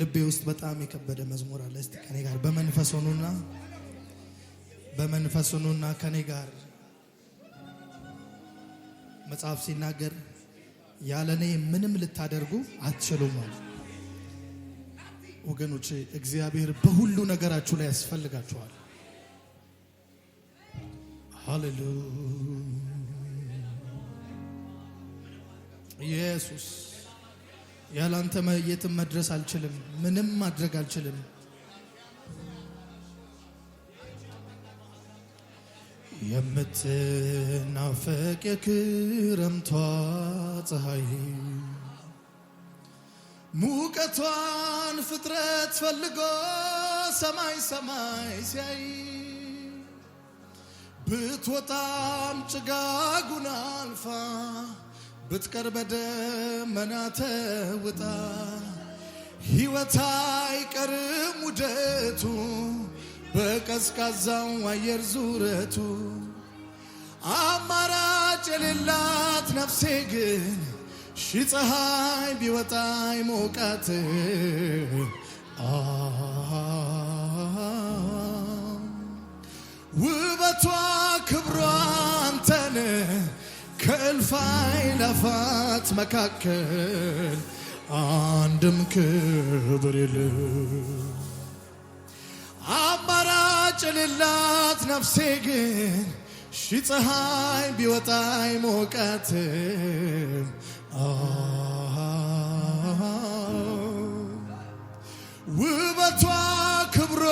ልቤ ውስጥ በጣም የከበደ መዝሙር አለ። እስቲ ከኔ ጋር በመንፈስ ሆኑና በመንፈስ ሆኑና ከኔ ጋር መጽሐፍ ሲናገር ያለ እኔ ምንም ልታደርጉ አትችሉም አሉ። ወገኖች እግዚአብሔር በሁሉ ነገራችሁ ላይ ያስፈልጋችኋል። ሃሌሉያ ኢየሱስ ያላንተ የትም መድረስ አልችልም፣ ምንም ማድረግ አልችልም። የምትናፈቅ የክረምቷ ፀሐይ ሙቀቷን ፍጥረት ፈልጎ ሰማይ ሰማይ ሲያይ ብትወጣም ጭጋጉን አልፋ ብትቀር በደመና ተውጣ ሕይወት አይቀርም ውደቱ በቀዝቃዛው አየር ዙረቱ አማራጭ የሌላት ነፍሴ ግን ሺ ፀሐይ ቢወጣ ይሞቃት በአእላፋት መካከል አንድም ክብር የለም። አማራጭ የሌላት ነፍሴ ግን ሺህ ፀሐይ ቢወጣኝ ሞቃትም ውበቷ ክብሯ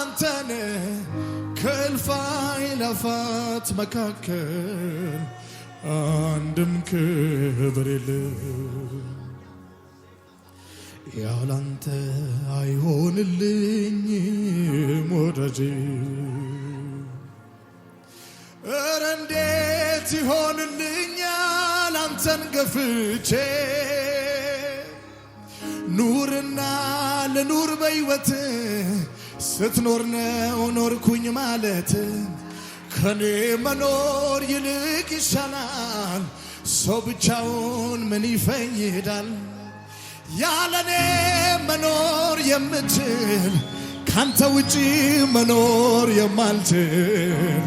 አንተነ ከእልፍ አእላፋት መካከል አንድም ክብር የለም ያላንተ አይሆንልኝም ወዳጄ እረ እንዴት ይሆንልኛል አንተን ገፍቼ ኑርና ልኑር በሕይወት ስትኖር ነው ኖርኩኝ ማለት ከኔ መኖር ይልቅ ይሻላል። ሰው ብቻውን ምን ይፈይዳል? ያለኔ መኖር የምችል ካንተ ውጪ መኖር የማልችል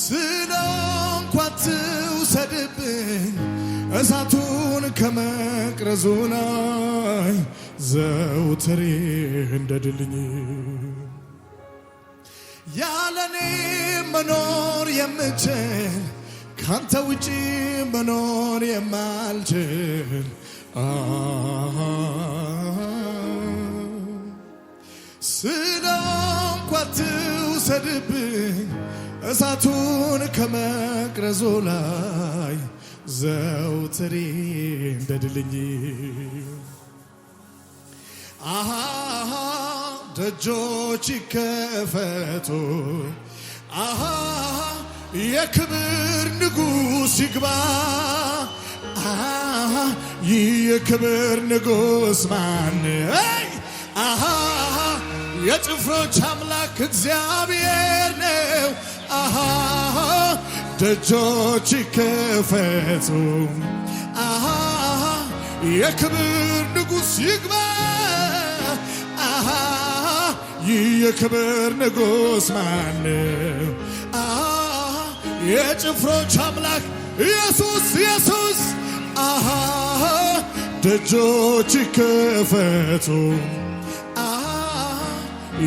ስለ እንኳን ትውሰድብኝ እሳቱን ከመቅረዙ ላይ ዘውትሪ እንደድልኝ ያለኔ መኖር የምችል ካንተ ውጪ መኖር የማልችል ስለንኳ ትውሰድብኝ እሳቱን ከመቅረዙ ላይ ዘውትሬ እንደ አሃ ደጆች ይከፈቱ፣ የክብር ንጉሥ ይግባ፣ አሃ ይህ የክብር ንጉሥ ማን? አሃ የጭፍሮች አምላክ እግዚአብሔር ነው። አሃ ደጆች ይከፈቱ፣ የክብር ንጉሥ ይግባ ይህ የክብር ንጉሥ ማነው? የጭፍሮች አምላክ ኢየሱስ ኢየሱስ አሃ ደጆች ይከፈቱ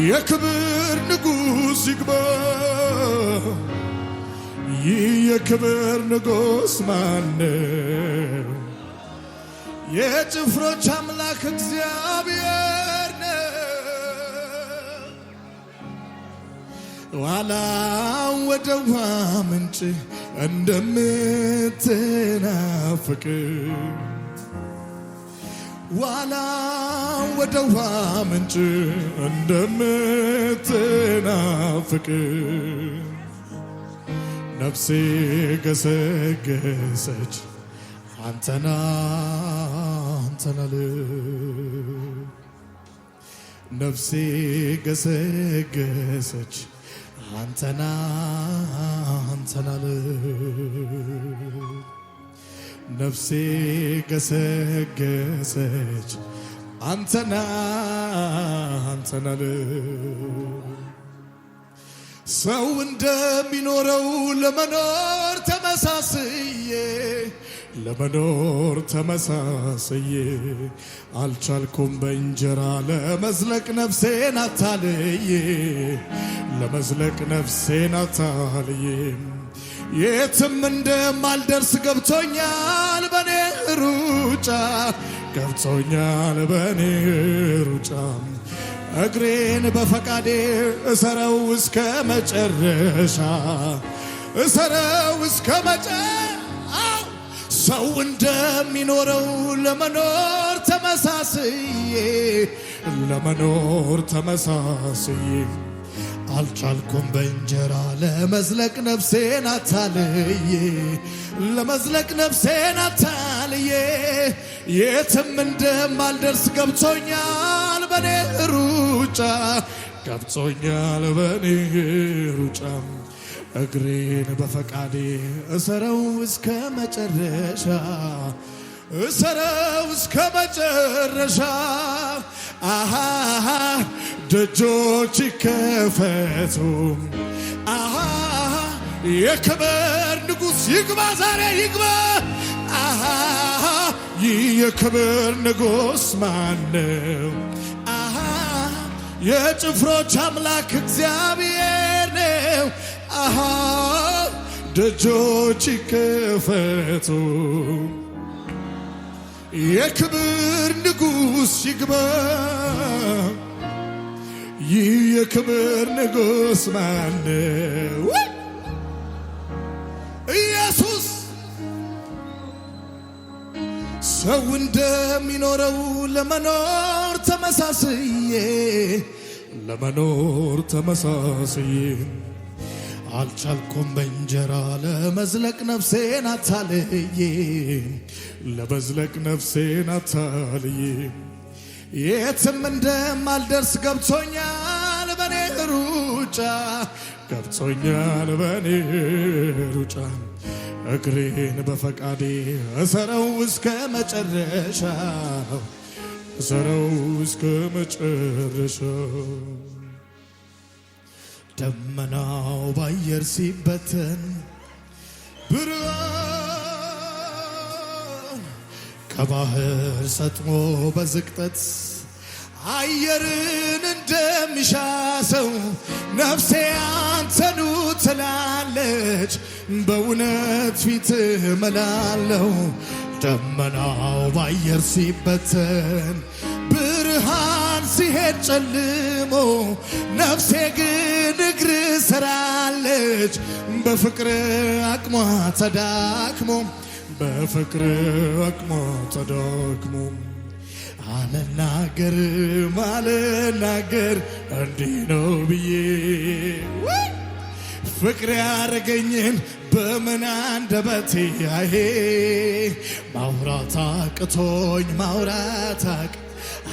የክብር ንጉሥ ይግባ። ይህ የክብር ንጉሥ ማነው? የጭፍሮች አምላክ እግዚአብሔር ዋላው ወደ ውሃ ምንጭ እንደምትናፍቅ ዋላው ወደ ውሃ ምንጭ እንደምትናፍቅ ነፍሴ ገሰገሰች አንተና አንተናል ነፍሴ ገሰገሰች አንተና አንተናል ነፍሴ ገሰገሰች አንተና አንተናል ሰው እንደሚኖረው ለመኖር ተመሳስዬ ለመኖር ተመሳሰዬ አልቻልኩም በእንጀራ ለመዝለቅ ነፍሴን አታልዬ ለመዝለቅ ነፍሴን አታልዬ የትም እንደማልደርስ ገብቶኛል በኔ ሩጫ ገብቶኛል በኔ ሩጫ እግሬን በፈቃዴ እሰረው እስከ መጨረሻ እሰረው እስከ መጨረሻ ሰው እንደሚኖረው ለመኖር ተመሳስዬ ለመኖር ተመሳስዬ አልቻልኩም በእንጀራ ለመዝለቅ ነፍሴን አታልዬ ለመዝለቅ ነፍሴን አታልዬ የትም እንደማልደርስ ገብቶኛል በኔ ሩጫ ገብቶኛል በኔ ሩጫ እግሬን በፈቃዴ እሰረው እስከ መጨረሻ እሰረው እስከ መጨረሻ አሃ ደጆች ይከፈቱ አሃ የክብር ንጉሥ ይግባ ዛሬ ይግባ አሃ ይህ የክብር ንጉሥ ማነው? አሃ የጭፍሮች አምላክ እግዚአብሔር አሃብ ደጆች ይከፈቱ፣ የክብር ንጉሥ ይግባ። ይህ የክብር ንጉሥ ማነው? ኢየሱስ ሰው እንደሚኖረው ለመኖር ተመሳስዬ ለመኖር ተመሳስዬ አልቻልኩም በእንጀራ ለመዝለቅ ነፍሴን አታልዬ ለመዝለቅ ነፍሴን አታልዬ የትም እንደማልደርስ ገብቶኛል በኔ ሩጫ ገብቶኛል በኔ ሩጫ እግሬን በፈቃዴ እሰረው እስከ መጨረሻ እሰረው እስከ መጨረሻ ደመናው ባየር ሲበተን ብርሃን ከባህር ሰጥሞ በዝቅጠት አየርን እንደሚሻ ሰው ነፍሴ አንተኑ ትላለች። በእውነት ፊት መላለው ደመናው ባየር ሲበተን ሲሄድ ጨልሞ ነፍሴ ግን እግር ስራለች በፍቅር አቅሟ ተዳክሞ በፍቅር አቅሟ ተዳክሞ አልናገር አልናገር እንዲህ ነው ብዬ ፍቅር ያረገኝን በምን አንደበቴ ያሄ ማውራት አቅቶኝ ማውራት አቅ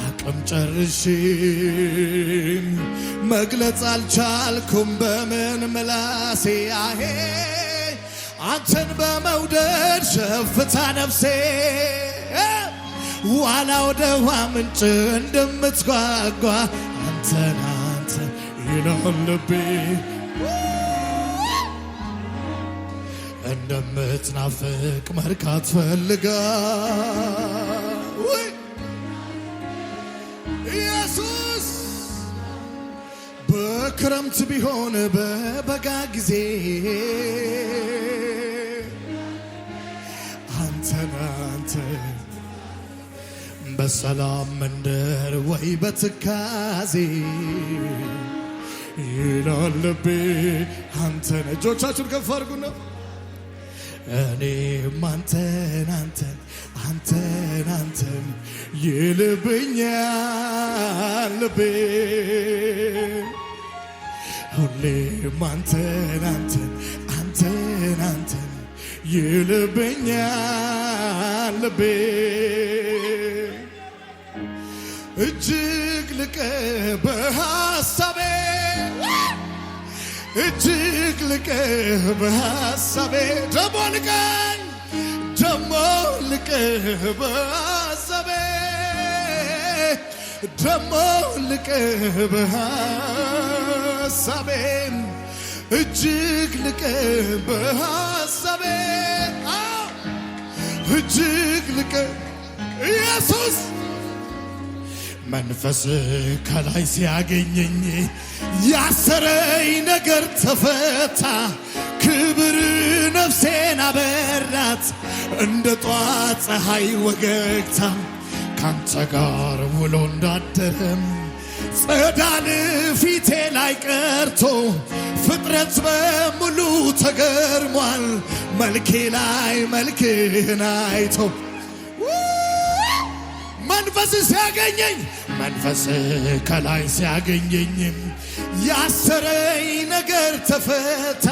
አቅም ጨርሽም መግለጽ አልቻልኩም በምን ምላሴ አሄ አንተን በመውደድ ሸፍታ ነፍሴ ዋላ ወደ ውሃ ምንጭ እንደምትጓጓ አንተን አንተ ይልሆን ልቤ እንደምትናፍቅ መርካት ፈልጋ ኢየሱስ በክረምት ቢሆን በበጋ ጊዜ አንተን አንተ በሰላም መንደር ወይ በትካዜ ይላል ልቤ አንተን እጆቻችሁን ከፍ አድርጉና እኔም አንተን አንተን አንተን አንተን ይልብኛል ልቤ ሁሌም አንተን አንተን አንተን አንተን ይልብኛል ልቤ እጅግ ልቀ በሐሳቤ እጅግ ልቅህ በሐሳቤ ደሞ ንቀኝ ደሞ ልቅህ በሐሳቤ ደሞ ልቅህ በሐሳቤ እጅግ ልቅህ በሐሳቤ እጅግ ልቅህ ኢየሱስ መንፈስ ከላይ ሲያገኘኝ ያሰረኝ ነገር ተፈታ። ክብር ነፍሴን አበራት እንደ ጧት ፀሐይ ወገግታ ካንተ ጋር ውሎ እንዳደረም ጸዳል ፊቴ ላይ ቀርቶ ፍጥረት በሙሉ ተገርሟል። መልኬ ላይ መልክህን አይቶ መንፈስ ሲያገኘኝ መንፈስ ከላይ ሲያገኘኝ ያሰረኝ ነገር ተፈታ።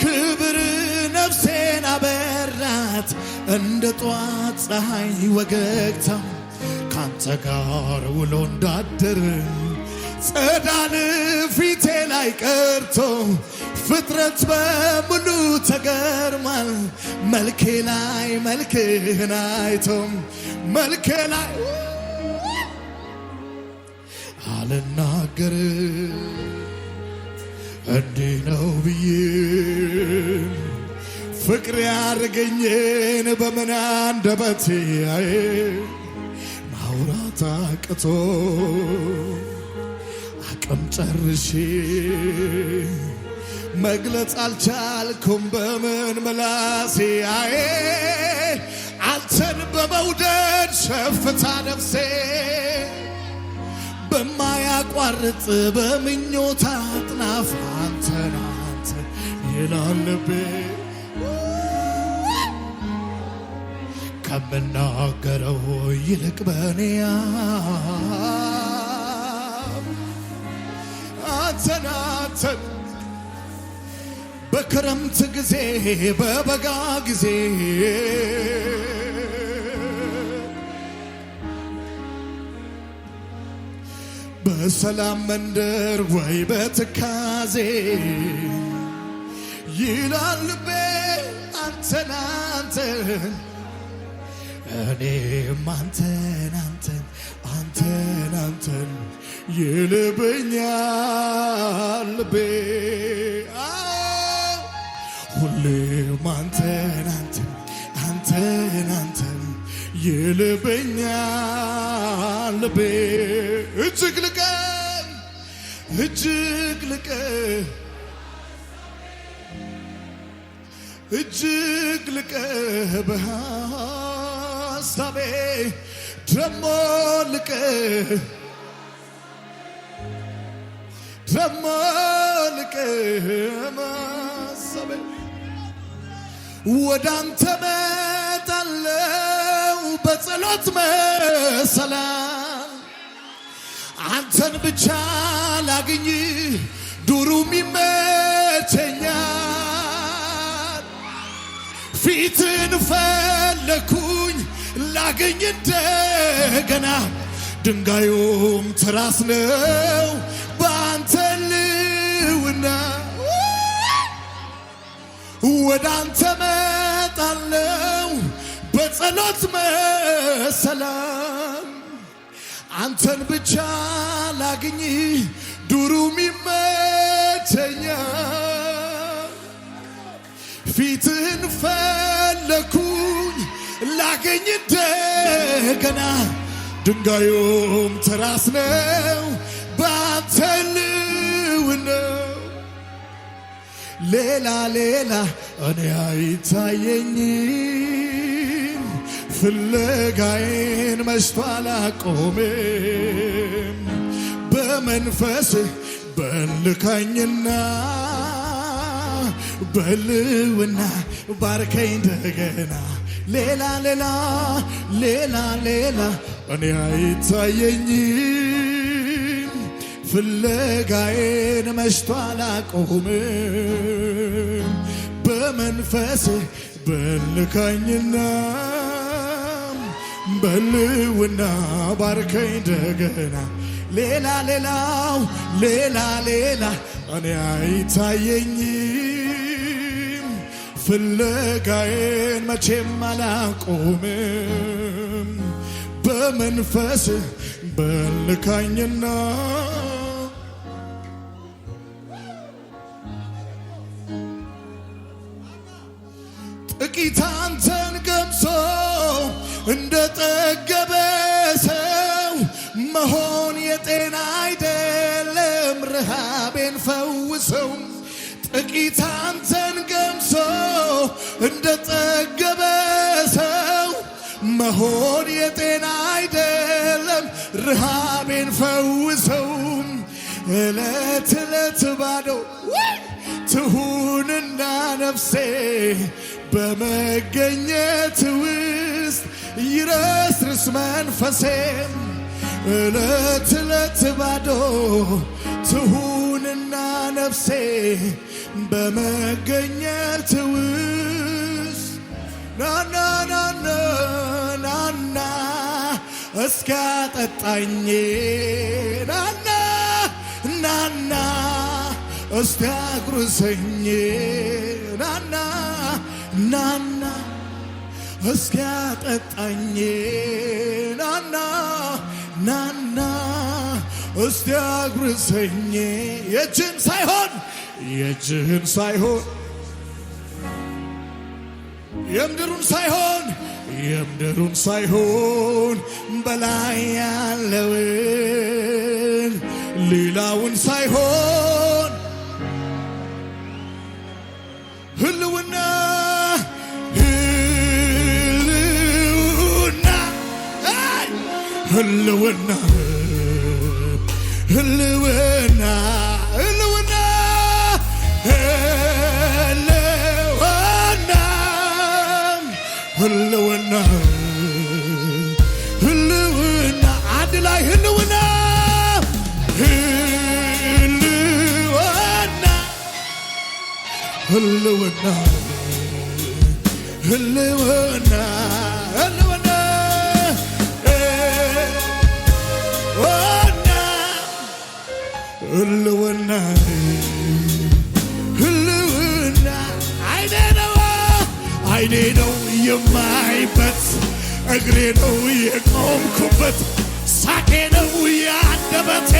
ክብር ነፍሴን አበራት እንደ ጧት ፀሐይ ወገግታ ካንተ ጋር ውሎ እንዳደር ጸዳል ፊቴ ላይ ቀርቶ ፍጥረት በሙሉ ተገርማል። መልኬ ላይ መልክህን አይቶም መልኬ ላይ አልናገር እንዲህ ነው ብዬ ፍቅር ያርገኝን በምን አንደበቴ ማውራት አቅቶ አቅም ጨርሼ መግለጽ አልቻልኩም በምን ምላሴ አንተን በመውደድ ሸፍታ ነፍሴ በማያቋርጥ በምኞታ አጥናፍ አንተን አንተ ይላል ከምናገረው ይልቅ በኔያ አንተን አንተን በክረምት ጊዜ በበጋ ጊዜ በሰላም መንደር ወይ በትካዜ ይላል ልቤ አንተን አንተን እኔም አንተን አንተን አንተን አንተን ይልብኛል ልቤ ሁሌም አንተን አንተን አንተን አንተን ይልብኛል ልቤ እጅግ እጅግ ልቅ እጅግ ልቅ በሀሳቤ ደሞ ልቅ ደሞ ልቅ ማሰቤ ወደ አንተ መጣለው በጸሎት መሰላ አንተን ብቻ ላግኝ ዱሩም ይመቸኛል። ፊትን ፈለኩኝ ላገኝ እንደገና ድንጋዩም ትራስ ነው በአንተ ልውና ወደ አንተ መጣለው በጸሎት መሰላም አንተን ብቻ ላግኝህ ዱሩም ይመቸኛል። ፊትህን ፈለኩኝ ላገኝ እንደገና ድንጋዩም ትራስ ነው ባንተ ልውነው ሌላ ሌላ እኔ አይታየኝም ፍለጋዬን መሽቷል አቆሜም በመንፈስ በልካኝና በልውና ባርከኝ እንደገና ሌላ ሌላ ሌላ ሌላ እኔ አይታየኝም ፍለጋዬን መሽቶ አላቆምም በመንፈስ በልካኝና በልውና ባርከኝ እንደገና ሌላ ሌላው ሌላ ሌላ እኔ አይታየኝም ፍለጋዬን መቼም አላቆምም በመንፈስ በልካኝና ሰው ጥቂት አንተን ገምሶ እንደ ጠገበ ሰው መሆን የጤና አይደለም። ረሃቤን ፈውሰው እለት እለት ባዶ ትሁንና ነፍሴ በመገኘት ውስጥ ይረስርስ መንፈሴም እለት እለት ባዶ ትሁን ኃይልና ነፍሴ በመገኘት ውስጥ ናናናናናና እስከ አጠጣኝ ናና ናና እስከ ናና ናና እስከ ናና ናና እስቲ አጉርሰኝ የእጅህን ሳይሆን የእጅህን ሳይሆን የምድሩን ሳይሆን የምድሩን ሳይሆን በላይ ያለውን ሌላውን ሳይሆን ህልውና ህልውና ህልውና ህልውና ህልውና ህልውና ህልውና ህልውና አንድ ላይ ህልውና ህልውና ህልውና ህልውና ህልውና ህልውና አይኔ ነው አይኔ ነው የማይበት እግሬ ነው የቆምኩበት ሳቄ ነው የአንደበቴ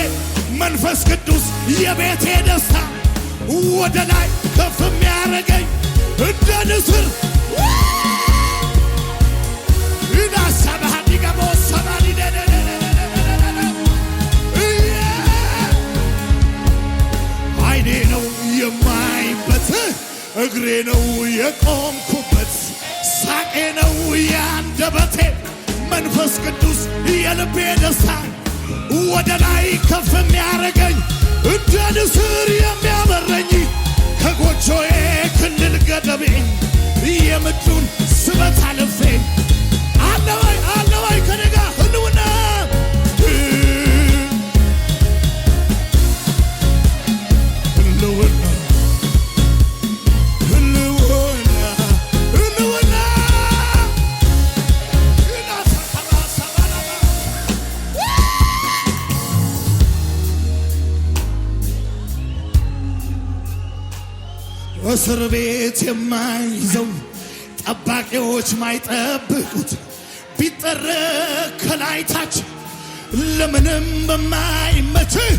መንፈስ ቅዱስ የቤቴ ደስታ ወደ ላይ ከፍ የሚያደርገኝ እንደ ንስር ይዳሰባሃ ዲገቦ ነው የማይበት እግሬ ነው የቆምኩበት ሳቄ ነው የአንደበቴ መንፈስ ቅዱስ የልቤ ደስታ ወደ ላይ ከፍ የሚያረገኝ እንደ ንስር የሚያበረኝ ከጎጆዬ ክልል ገደቤ የምድሩን የማይዘው ጠባቂዎች ማይጠብቁት ቢጠረ ከላይታች ለምንም የማይመችህ